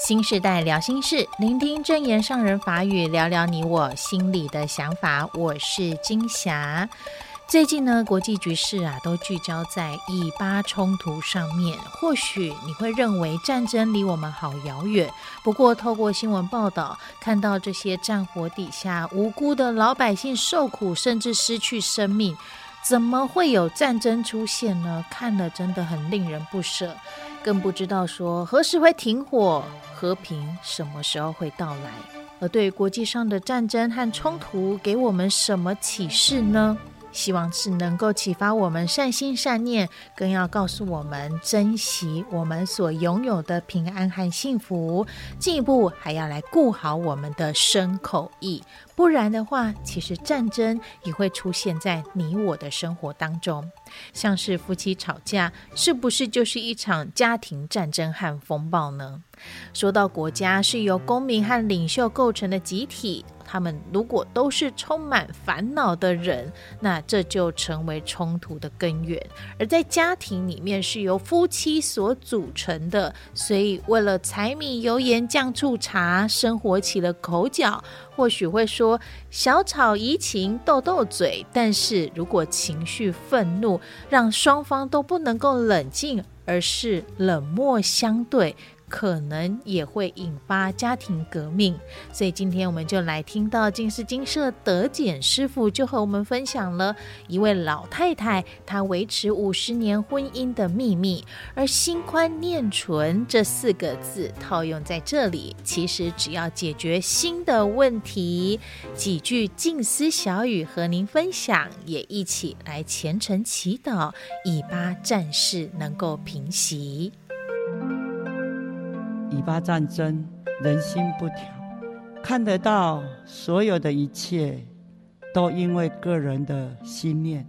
心示代聊心事，聆聽證嚴上人法語，聊聊你我心裡的想法。我是金霞。最近呢，國際局勢啊，都聚焦在以巴衝突上面。或許你會認為戰爭離我們好遙遠，不過透過新聞報道，看到這些戰火底下無辜的老百姓受苦，甚至失去生命，怎麼會有戰爭出現呢？看了真的很令人不捨。更不知道說何時會停火，和平什麼時候會到來？而對國際上的戰爭和衝突，給我們什麼啟示呢？希望是能夠啟發我們善心善念，更要告訴我們珍惜我們所擁有的平安和幸福。進一步還要來顧好我們的身口意，不然的話，其實戰爭也會出現在你我的生活當中。像是夫妻吵架，是不是就是一場家庭戰爭和風暴呢？說到國家是由公民和領袖構成的集體，他們如果都是充滿煩惱的人，那這就成為衝突的根源。而在家庭裡面是由夫妻所組成的，所以為了柴米油鹽醬醋茶，生活起了口角。或許會說小吵怡情，鬥鬥嘴。但是如果情緒憤怒，讓雙方都不能夠冷靜，而是冷漠相對。可能也會引發家庭革命，所以今天我們就來聽到靜思精舍德寋師父就和我們分享了一位老太太，她維持五十年婚姻的秘密。而心寬念純這四個字套用在這裡，其實只要解決心的問題，幾句靜思小語和您分享，也一起來虔誠祈禱，以巴戰事能夠平息。以巴戰爭，人心不調，看得到所有的一切，都因為個人的心念，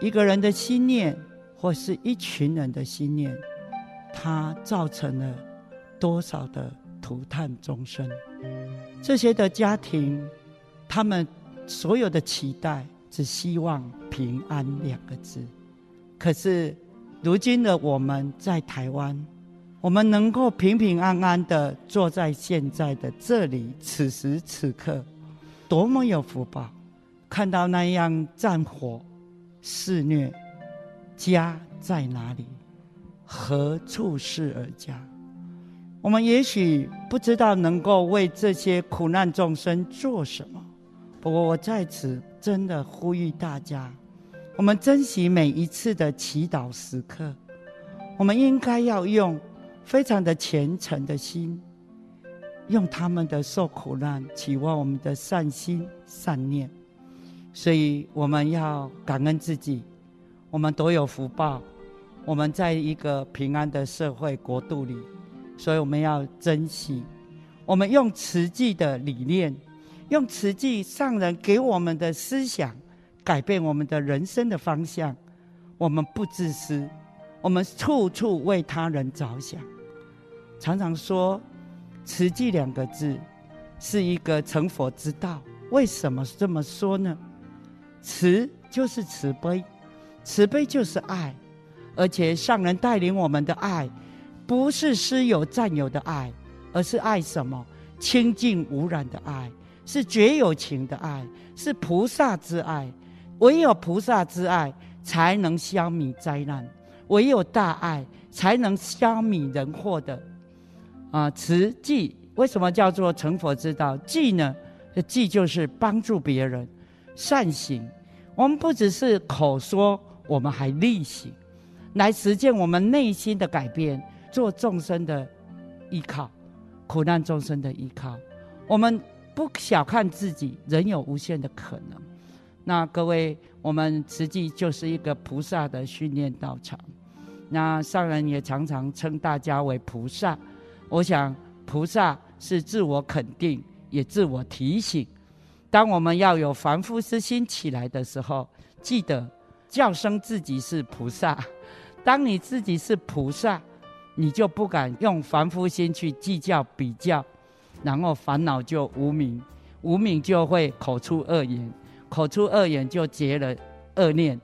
一個人的心念，或是一群人的心念，它造成了多少的塗炭眾生？這些的家庭，他們所有的期待，只希望平安兩個字。可是，如今的我們在台灣。我們能夠平平安安地坐在現在的這裡，此時此刻，多麼有福報！看到那樣戰火肆虐，家在哪裡？何處是兒家？我們也許不知道能夠為這些苦難眾生做什麼，不過我在此真的呼籲大家，我們珍惜每一次的祈禱時刻，我們應該要用。非常的虔誠的心，用他們的受苦難，期望我們的善心善念。所以我們要感恩自己，我們都有福報，我們在一個平安的社會國度裡，所以我們要珍惜。我們用慈濟的理念，用慈濟上人給我們的思想，改變我們的人生的方向。我們不自私。我們處處為他人着想，常常說“慈濟”兩個字是一個成佛之道。為什麼這麼說呢？慈就是慈悲，慈悲就是愛，而且上人帶領我們的愛，不是私有占有的愛，而是愛什麼？清淨無染的愛，是覺有情的愛，是菩薩之愛。唯有菩薩之愛，才能消弭災難。唯有大愛才能消弭人禍的啊！慈濟為什麼叫做成佛之道？濟呢？濟就是幫助別人，善行。我們不只是口說，我們還力行，來實踐我們內心的改變，做眾生的依靠，苦難眾生的依靠。我們不小看自己，人有無限的可能。那各位，我們慈濟就是一個菩薩的訓練道場。那上人也常常稱大家為菩薩，我想菩薩是自我肯定，也自我提醒。當我們要有凡夫之心起來的時候，記得叫聲自己是菩薩。當你自己是菩薩，你就不敢用凡夫心去計較比較，然後煩惱就無明，無明就會口出惡言，口出惡言就結了惡念、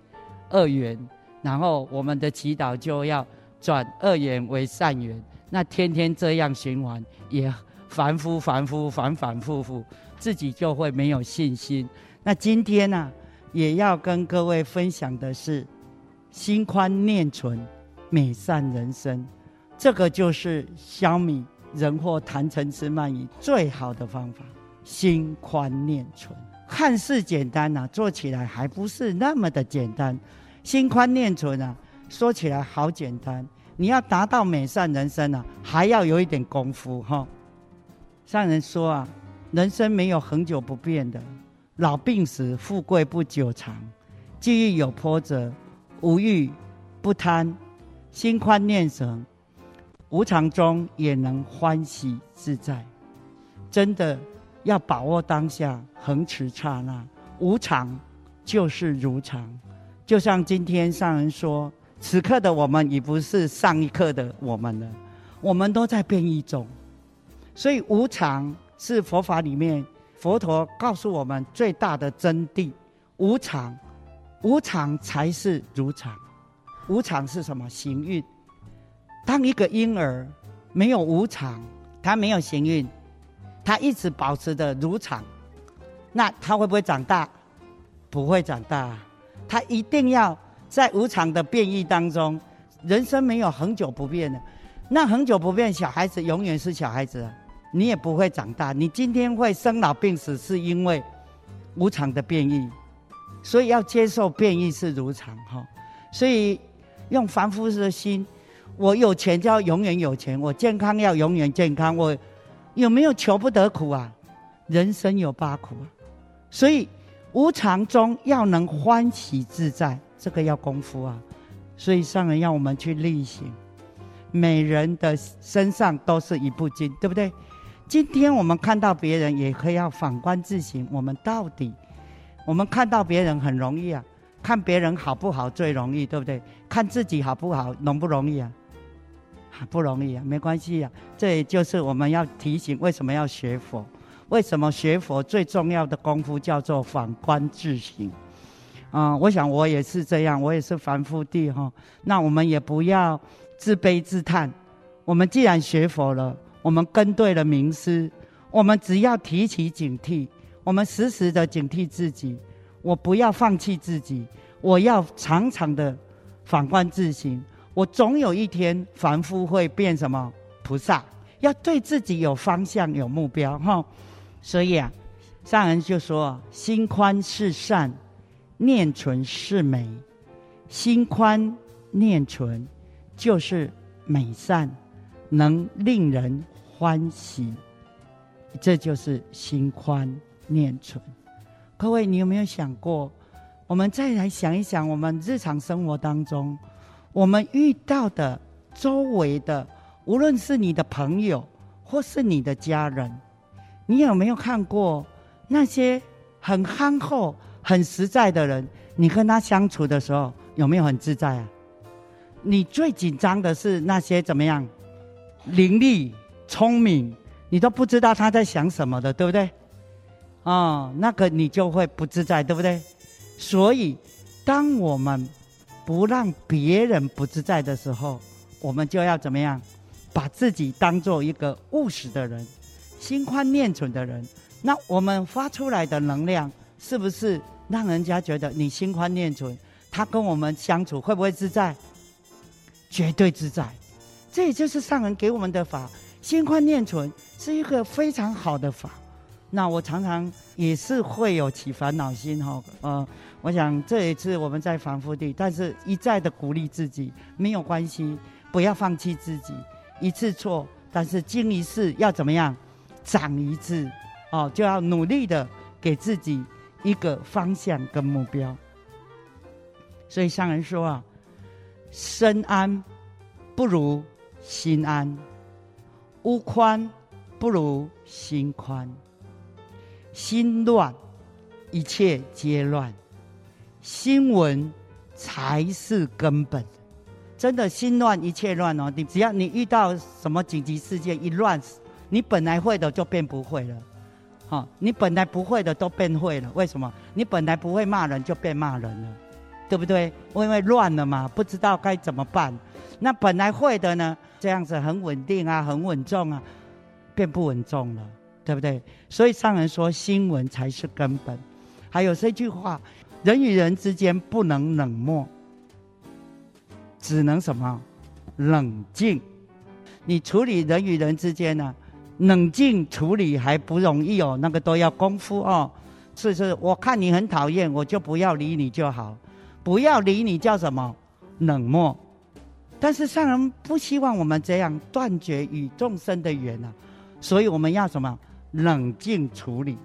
惡緣。然後我們的祈禱就要轉惡緣為善緣，那天天這樣循環，也凡夫凡夫反反复复，自己就會沒有信心。那今天呢、啊，也要跟各位分享的是，心寬念純，美善人生，這個就是消弭人禍談成之慢語最好的方法。心寬念純，看似簡單吶、啊，做起來還不是那麼的簡單。心寬念純啊，說起來好簡單。你要達到美善人生啊，還要有一點功夫哈。上人說啊，人生沒有恆久不變的，老病死，富貴不久長。際遇有波折，無欲不貪，心寬念純，無常中也能歡喜自在。真的要把握當下，恆持剎那，無常就是如常。就像今天上人說，此刻的我們已不是上一刻的我們了，我們都在變異中。所以無常是佛法裡面佛陀告訴我們最大的真諦。無常，無常才是如常。無常是什麼？行蘊。當一個嬰兒沒有無常，他沒有行蘊，他一直保持着如常，那他會不會長大？不會長大。他一定要在無常的變異當中，人生沒有恆久，久不變的。那恆久不變，小孩子永遠是小孩子，啊，你也不會長大。你今天會生老病死，是因為無常的變異，所以要接受變異是如常。好，哦，所以用凡夫的心，我有錢就要永遠有錢，我健康要永遠健康，我有沒有求不得苦啊？人生有八苦啊，所以。無常中要能歡喜自在，這個要功夫啊。所以上人要我們去力行，每人的身上都是一部經，對不對？今天我們看到別人也可以要反觀自省，我們到底，我們看到別人很容易啊，看別人好不好最容易，對不對？看自己好不好容不容易啊？不容易啊，沒關係啊，這也就是我們要提醒，為什麼要學佛？為什麼學佛最重要的功夫叫做反觀自省？啊、呃，我想我也是這樣，我也是凡夫弟哈。那我們也不要自卑自嘆。我們既然學佛了，我們跟對了名師，我們只要提起警惕，我們時時的警惕自己，我不要放棄自己，我要常常的反觀自省。我總有一天凡夫會變什麼菩薩？要對自己有方向、有目標哈。吼所以啊，上人就說：“心寬是善，念純是美。心寬念純，就是美善，能令人歡喜。這就是心寬念純。各位，你有沒有想過？我們再來想一想，我們日常生活當中，我們遇到的周圍的，無論是你的朋友或是你的家人。”你有沒有看過那些很憨厚、很實在的人？你跟他相處的時候，有沒有很自在啊？你最緊張的是那些怎麼樣？伶俐、聰明，你都不知道他在想什麼的，對不對？啊、哦，那個你就會不自在，對不對？所以，當我們不讓別人不自在的時候，我們就要怎麼樣？把自己當做一個務實的人。心寬念純的人，那我們發出來的能量，是不是讓人家覺得你心寬念純？他跟我們相處會不會自在？絕對自在。這也就是上人給我們的法，心寬念純是一個非常好的法。那我常常也是會有起煩惱心哈，嗯、呃，我想這一次我們在凡夫地，但是一再的鼓勵自己，沒有關係，不要放棄自己。一次錯，但是經一次要怎麼樣？長一智，哦，就要努力的給自己一個方向跟目標。所以上人說啊：“身安不如心安，屋寬不如心寬，心亂一切皆亂，心穩才是根本。”真的，心亂一切亂哦。你只要你遇到什麼緊急事件，一亂。你本來會的就變不會了，好，你本來不會的都變會了，為什麼？你本來不會罵人就變罵人了，對不對？因為亂了嘛，不知道該怎麼辦。那本來會的呢，這樣子很穩定啊，很穩重啊，變不穩重了，對不對？所以上人說，心穩才是根本。還有這句話，人與人之間不能冷漠，只能什麼？冷靜。你處理人與人之間呢？冷靜處理還不容易哦，那個都要功夫哦。是是，我看你很討厭，我就不要理你就好。不要理你叫什麼？冷漠。但是上人不希望我們這樣斷絕與眾生的緣啊，所以我們要什麼？冷靜處理。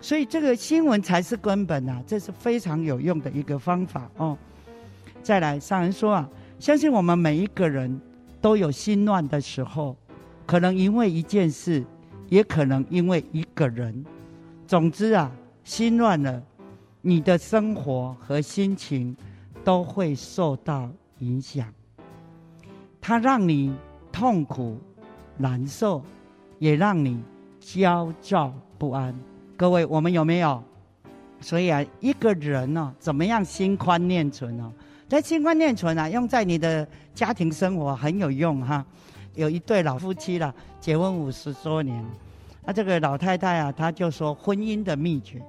所以這個心穩才是根本啊，這是非常有用的一個方法哦。再來，上人說啊，相信我們每一個人都有心亂的時候。可能因為一件事，也可能因為一個人。總之啊，心亂了，你的生活和心情都會受到影響。它讓你痛苦、難受，也讓你焦躁不安。各位，我們有沒有？所以啊，一個人呢，怎麼樣心寬念存呢？這心寬念存啊，用在你的家庭生活很有用哈。有一對老夫妻了，結婚五十周年，那，這個老太太啊，她就說婚姻的秘訣。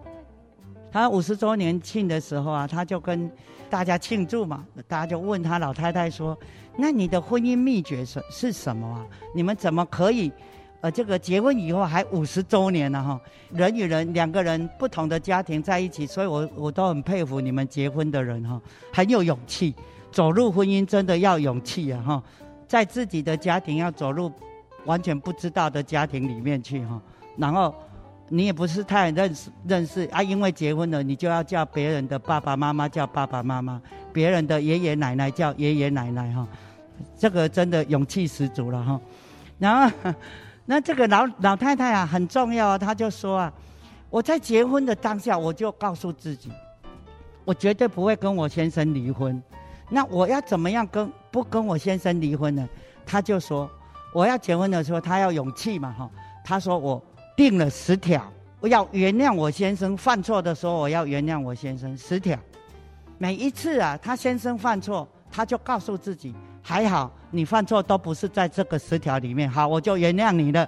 她五十周年慶的時候啊，她就跟大家慶祝嘛，大家就問她老太太說：“那你的婚姻秘訣是是什麼啊？你們怎麼可以，呃，這個結婚以後還五十周年了、啊、哈？人與人兩個人不同的家庭在一起，所以我我都很佩服你們結婚的人哈，很有勇氣，走入婚姻真的要勇氣啊。哈。”在自己的家庭要走入完全不知道的家庭裡面去哈，然後你也不是太認識認識啊，因為結婚了，你就要叫別人的爸爸媽媽叫爸爸媽媽，別人的爺爺奶奶叫爺爺奶奶哈、哦，這個真的勇氣十足了哈、哦。然後那這個老老太太啊很重要啊，她就說啊，我在結婚的當下，我就告訴自己，我絕對不會跟我先生離婚。那我要怎麼樣跟？不跟我先生離婚了，他就說我要結婚的時候，他要勇氣嘛哈。他說我定了十條，我要原諒我先生犯錯的時候，我要原諒我先生十條。每一次啊，他先生犯錯，他就告訴自己還好，你犯錯都不是在這個十條裡面，好，我就原諒你了。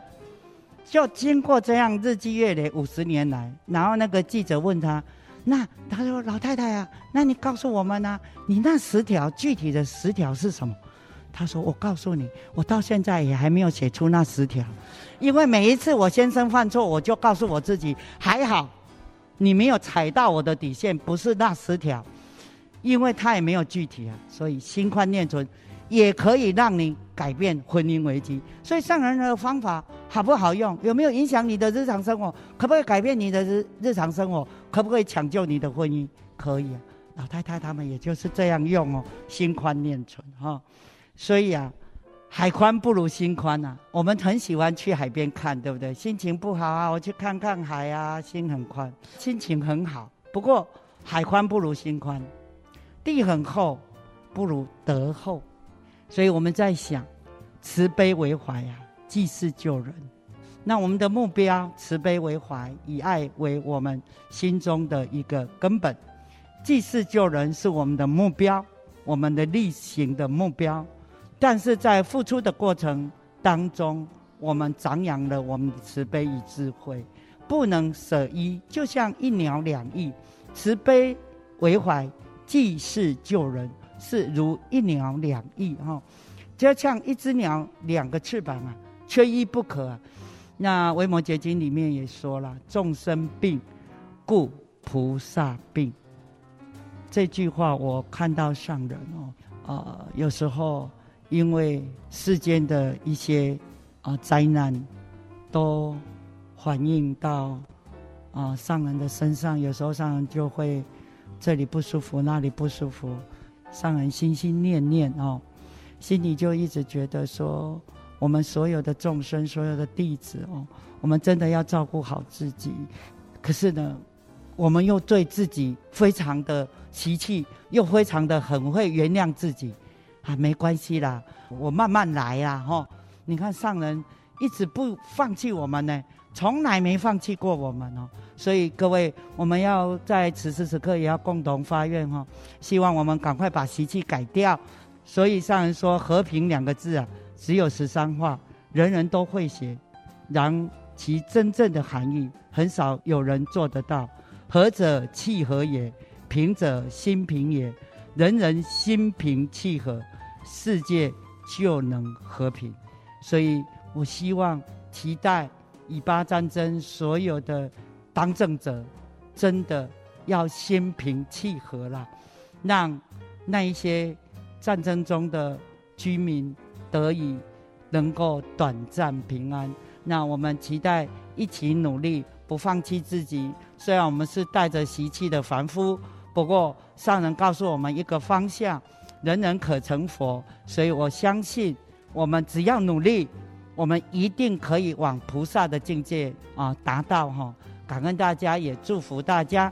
就經過這樣日積月累五十年來，然後那個記者問他。那他說老太太啊，那你告訴我們呢、啊？你那十條具體的十條是什麼？他說我告訴你，我到現在也還沒有寫出那十條，因為每一次我先生犯錯，我就告訴我自己還好，你沒有踩到我的底線，不是那十條，因為他也沒有具體啊，所以心寬念純。也可以讓你改變婚姻危機，所以上人的方法好不好用？有沒有影響你的日常生活？可不可以改變你的日常生活？可不可以搶救你的婚姻？可以啊，老太太他們也就是這樣用哦，心寬念存哈、哦。所以啊，海寬不如心寬吶。我們很喜歡去海邊看，對不對？心情不好啊，我去看看海啊，心很寬，心情很好。不過，海寬不如心寬，地很厚，不如德厚。所以我們在想，慈悲為懷啊，濟世救人。那我們的目標，慈悲為懷，以愛為我們心中的一個根本。濟世救人是我們的目標，我們的力行的目標。但是在付出的過程當中，我們長養了我們的慈悲與智慧，不能捨一，就像一鳥兩翼，慈悲為懷，濟世救人。是如一鳥兩翼哈，就像一隻鳥兩個翅膀啊，缺一不可。那《維摩詰經》裡面也說了：“眾生病，故菩薩病。”這句話我看到上人哦，啊、呃，有時候因為世間的一些啊、呃、災難，都反映到啊、呃、上人的身上，有時候上人就會這裡不舒服，那裡不舒服。上人心心念念哦，心裡就一直覺得說，我們所有的眾生、所有的弟子哦，我們真的要照顧好自己。可是呢，我們又對自己非常的習氣，又非常的很會原諒自己啊，沒關係啦，我慢慢來啦，哈、哦，你看上人一直不放棄我們呢。從來沒放棄過我們哦，所以各位，我們要在此時此刻也要共同發願哈、哦，希望我們趕快把習氣改掉。所以上人說“和平”兩個字啊，只有十三畫，人人都會寫，然其真正的含義，很少有人做得到。和者，氣和也；平者，心平也。人人心平氣和，世界就能和平。所以我希望期待。以巴戰爭，所有的當政者真的要心平氣和啦，讓那一些戰爭中的居民得以能夠短暫平安。那我們期待一起努力，不放棄自己。雖然我們是帶着習氣的凡夫，不過上人告訴我們一個方向：人人可成佛。所以我相信，我們只要努力。我們一定可以往菩薩的境界啊達到哈、哦！感恩大家，也祝福大家。